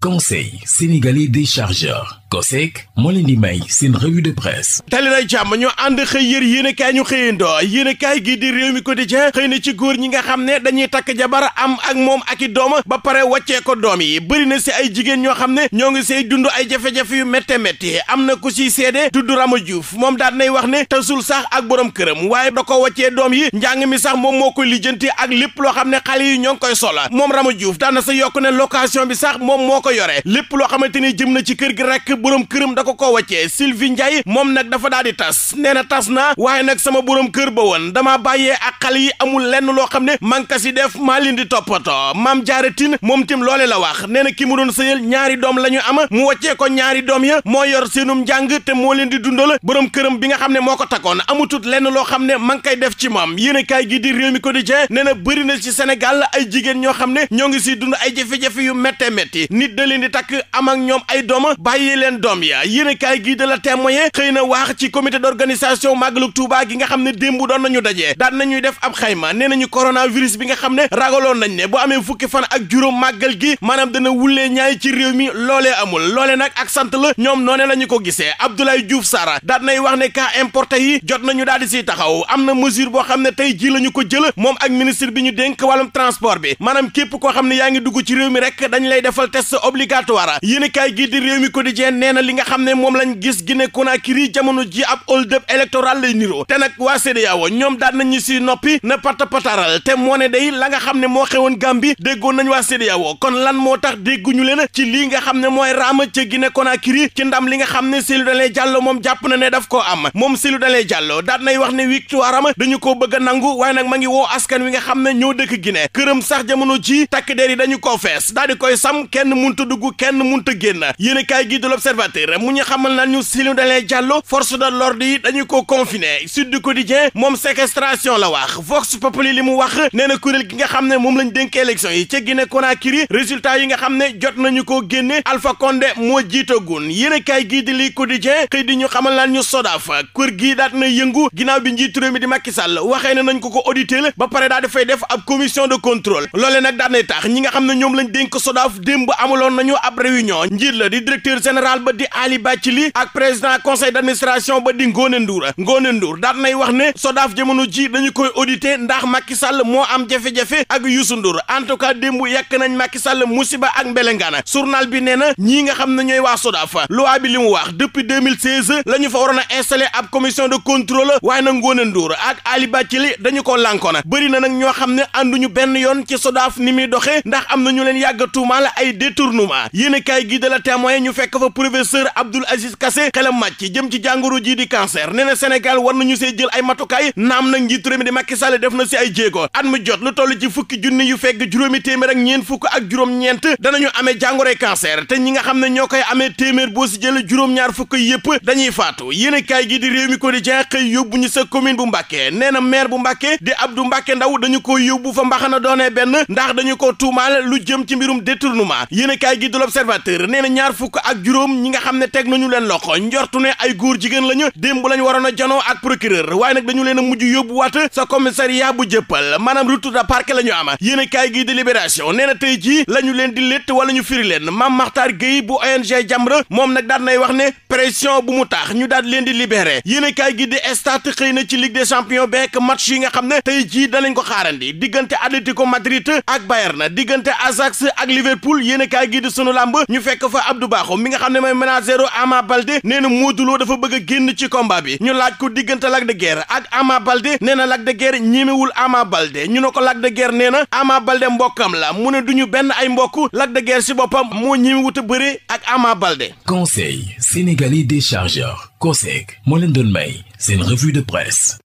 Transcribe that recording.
conseil sénégalais des chargeurs COSEC moo leen di may seen revue de presse tali nay jàmm ñu ànd xëy yër yéenekaay ñu xëyandoo yéenekaay gi di réew mi quotidien xëy na ci góor ñi nga xam ne dañuy takk jabar am ak moom ak i doom ba pare wàccee ko doom yi bëri na si ay jigéen ñoo xam ne ñoo ngi say dund ay jafe-jafe yu métte métti am na ku siy seede tudd Rama Diouf moom daal nay wax ne tasul sax ak borom këram waaye da ko wàccee doom yi njàng mi sax moom moo koy lijjanti ak lépp loo xam ne xale ñoo ngi koy sola moom Rama Diouf ko yore lépp loo xamante ni jëm na ci kër gi rek borom këram da ko ko wàccee Sylvie Ndiaye moom nag dafa daal di tas nee na tas na waaye nag sama borom kër ba woon dama bàyyee ak xale yi amul lenn loo xam ne mankas yi def maa leen di toppatoo maam jaaratin moom tim loole la wax nee na ki mu doon sëyal ñaari doom la ñu am mu wàccee ko ñaari doom ya moo yor seenum njàng te moo leen di dundal borom këram bi nga xam ne moo ko takkoon amutut lenn loo xam ne ma ngi koy def ci moom yéen kaay gi di réew mi quotidien nee na bëri na ci Sénégal ay jigéen ñoo xam ne ñoo ngi siy dund ay jafe-jafe yu métte métti da leen di takk am ak ñoom ay doom bàyyi leen doom ya yéen kaay gi de la témoin xëy na waax ci comité d'organisation màggalu Tuuba gi nga xam ne démb doon nañu dajee daan nañuy def ab xayma nee nañu coronavirus bi nga xam ne ragaloon nañ ne boo amee fukki fan ak juróom màggal gi maanaam dana wullee ñaay ci réew mi loole amul loole nag ak sant la ñoom noone la ñu ko gisee Abdoulaye Diouf Sarr daan nay wax ne cas importé yi jot nañu daal di siy taxaw am na mesure boo xam ne tey ji la ñu ko jël moom ak ministre bi ñu dénk wàllum transport maanaam képp koo xam ne yaa ngi dugg ci réew mi rek dañ lay defal test obligatoire yéenekaay gi di Rewmi Quotidien nee na li nga xam ne moom lañ gis Guinée Conakry jamono ji ab hold-up électoral lay niro te nag waa CEDEAO ñoom daa nañu si noppi na pata pataral te moo ne day la nga xam ne moo xewoon Gambie déggoon nañ waa CEDEAO kon lan moo tax dégguñu leen ci lii nga xam ne mooy raam ca Guinée Conakry ci ndam li nga xam ne Cellou Dalein Diallo moom jàpp na ne daf koo am moom Cellou Dalein Diallo daa nay wax ne victoire am dañu koo bëgg a nangu waaye nag ngi woo askan wi nga xam ne ñoo dëkk Guinée këram sax jamono ji takk der yi dañu koo fees munta dugg kenn munta génn yéen kaay gi de l'observateur mu ñu xamal naan ñu Cellou Dalein Diallo force yi dañu ko confiné Sud du Quotidien moom séquestration la wax Vox Populi li mu wax nee na kuréel gi nga xam ne moom lañ dénk élection yi ca Guinée Conakry résultat yi nga xam ne jot nañu ko génne Alpha Condé moo jiitagun yéen kaay gii di li Quotidien xëy di ñu xamal naan ñu Sodaaf kër gii daat na yëngu ginnaaw bi njiitu réew mi di Macky Sall waxee na nañ ko ko auditer ba pare daa dafay def ab commission de contrôle loole nag nga xam ne ñoom lañ dénk Sodaaf amaloon nañu ab réunion njiit la di directeur général ba di Ali Bathily ak président conseil d'administration ba di Ngone Ndour Ngone Ndour daat nay wax ne Sodaaf jamono ji dañu koy auditer ndax Macky Sall moo am jafe-jafe ak Youssou Ndour en tout cas démb yàq nañ Macky Sall musiba ak bi nee na ñii nga xam ne ñooy waa Sodaaf loi bi li mu wax depuis 2016 fa waroon a installé ab commission de contrôle waaye nag Ngone Ndour ak Ali Bathily dañu ko lànkoon bëri na ñoo xam ne ànduñu benn yoon ci Sodaaf ni muy doxee am na ñu leen yàgg gouvernement yéenekaay gi de la Témoin ñu fekk fa professeur Abdoul Aziz Kassé xelam màcc jëm ci jàngoro ji di cancer nee na Sénégal war nañu see jël ay matukaay naam na njiitu réew mi di Macky def na si ay jéego at mu jot lu toll ci fukki junni yu fekk juróomi téeméer ak ñeent fukk ak juróom-ñeent danañu amee jàngoroy cancer te ñi nga xam ne ñoo koy amee téeméer boo si jël juróom-ñaar fukk yëpp dañuy faatu yéenekaay gi di réew mi quotidien xëy yóbbu ñu sa commune bu Mbàkke nee na maire bu Mbàkke di Abdou Mbàkke Ndaw dañu ko yóbbu fa mbaxana doonee benn ndax dañu ko tuumaal lu jëm ci mbirum détournement kaay gi du l'observateur nee na ñaar fukk ak juróom ñi nga xam ne teg nañu leen loxo njortu ne ay góor jigéen lañu démb lañ waroon a janoo ak procureur waaye nag dañu leen a mujj yóbbuwaat sa commissariat bu jëppal maanaam retour de parquet la ñu ama yéen kaay gi di libération nee na jii la ñu leen di létt wala ñu firi leen Mame Makhtar Gueye bu ONG Jamra moom nag daan nay wax ne pression bu mu tax ñu daal leen di libéré yéen kaay gi di stade xëy na ci Ligue des champions beek yi nga xam ne tey jii danañ ko xaarandi diggante Atlético Madrid ak Bayern diggante Ajax ak Liverpool yéen kaay gii di sunu làmb ñu fekk fa du Bakhoum mi nga xam ne mooy ménagéru Ama Baldé nee na Modou dafa bëgg a génn ci combat bi ñu laaj ko diggante lag de Guiers ak Ama Baldé nee na Lac de Guiers ñemewul Ama Baldé ñu ne ko Lac de Guiers nee na Ama Baldé mbokkam la mu ne du ñu benn ay mbokku Lac de Guiers ci boppam moo ñemewut a bëre ak Ama Baldé. Conseil sénégalais des chargeurs COSEC moo leen doon may seen revue de presse.